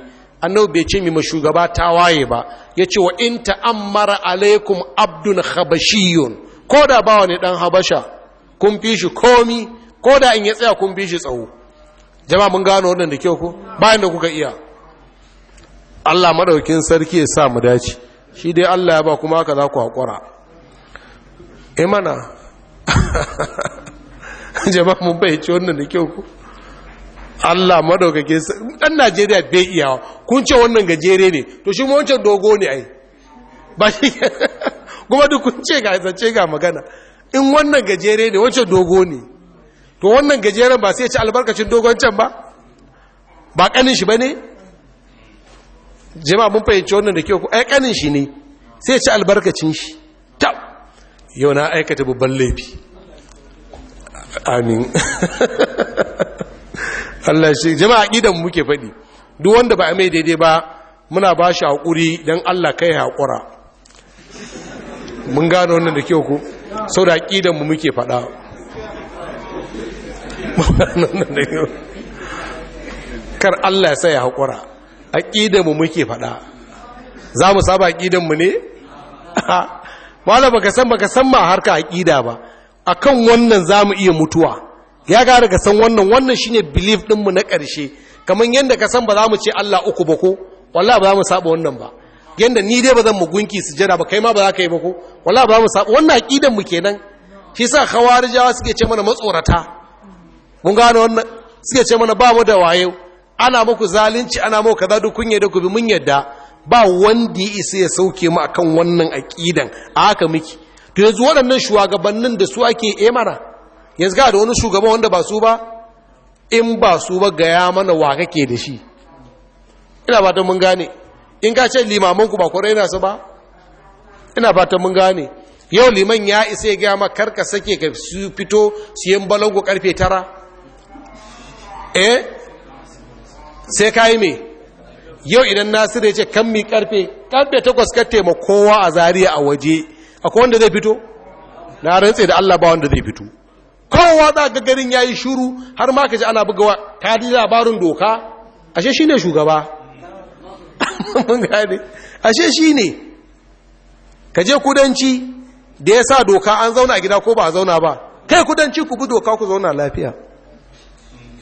annabi bai ce mi ma shugaba tawaye ba yace wa in ta'ammara alaikum abdun habashiyun ko da bawa ne dan habasha kun fi shi komi ko da in ya tsaya kun fi shi tsawo jama mun gano wannan da kyau ko bayan da kuka iya Allah madaukin sarki ya sa mu dace shi dai Allah ya ba kuma haka za ku haƙura imana eh jama mun bai ci wannan da kyau ko Allah madaukake dan Najeriya bai iya kun ce wannan gajere ne to shi wancan dogo ne ai ba shi kuma duk kun ce ga zance ga magana in wannan gajere ne wancan dogo ne to wannan gajeren ba sai ci albarkacin dogon can ba ba kanin shi ba ne jama'a mun fahimci wannan da kyau ai kanin shi ne sai ci albarkacin shi tab yau na aikata babban laifi amin Allah shi jama'a idan muke faɗi duk wanda ba a mai daidai ba muna ba shi haƙuri don Allah kai haƙura mun gano wannan da kyau ku sau da mu muke faɗa kar Allah ya saya haƙura mu muke faɗa za mu saba mu ne? wala baka san baka san ma harka ƙida ba a kan wannan za mu iya mutuwa ya gara ka san wannan wannan shine belief dinmu na ƙarshe kamar yadda ka san ba za mu ce Allah uku ba ko wallah ba za mu saba wannan ba yanda ni dai ba zan mu gunki sujada ba kai ma ba za ka yi ba ko wallahi ba mu sabu wannan aqidan mu kenan shi yasa khawarijawa suke ce mana matsorata mun gane wannan suke ce mana ba mu da wayo ana muku zalunci ana muku kaza duk kun yadda ku bi mun yadda ba wanda ya isa ya sauke mu akan wannan aqidan a haka miki to yanzu waɗannan shugabannin da su ake emara eh yanzu ga da wani shugaba wanda ba su ba in ba su ba ga ya mana wa kake da shi ina ba don mun gane in ka ce limamanku ba kwarai nasu su ba ina fata mun gane yau liman ya isa ya gama karka sake ka su fito siyan balago karfe tara eh sai ka yi mai. yau idan nasiru ya ce kan mi karfe karfe takwas ka taimakowa a zariya a waje akwai wanda zai fito na rantse da allah ba wanda zai fito kowa za ga garin ya yi shuru har ma ka ji ana bugawa ta labarin doka ashe shi ne shugaba mun gane ashe shi ne ka je kudanci da ya sa doka an zauna a gida ko ba a zauna ba kai kudanci ku bi doka ku zauna lafiya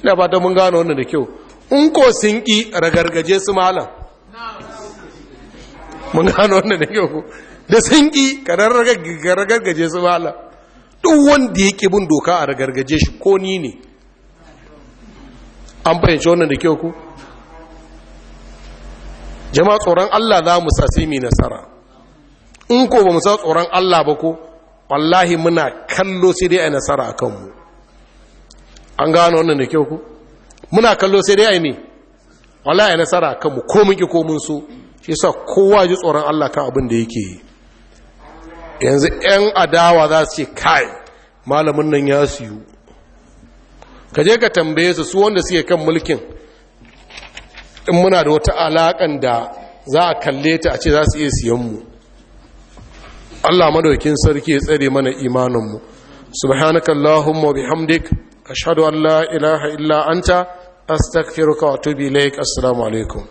ina ba ta mun gano wannan da kyau in ko sun ƙi ragargaje su malam mun gano wannan da kyau da sun ƙi kanar ragargaje su malam duk wanda ya ƙi bin doka a ragargaje shi ko ni ne an fahimci wannan da kyau ku jama'a tsoron Allah za mu sasi mai nasara in ko ba mu sa tsoron Allah ba ko wallahi muna kallo sai dai a nasara a kanmu an gano wannan da kyau ku muna kallo sai dai a ne wallahi a nasara a kanmu ko mun ki ko mun so shi sa kowa ji tsoron Allah kan abin da yake yi yanzu 'yan adawa za su ce kai malamin nan ya yi ka je ka tambaye su su wanda suke kan mulkin in muna da wata alaƙan da za a kalle ta a ce za su iya siyanmu allah madaukin sarki ya tsare mana imaninmu subhanakallahumma bihamdik ashhadu an la ilaha illa anta astaghfiruka wa atubu ilaik assalamu alaikum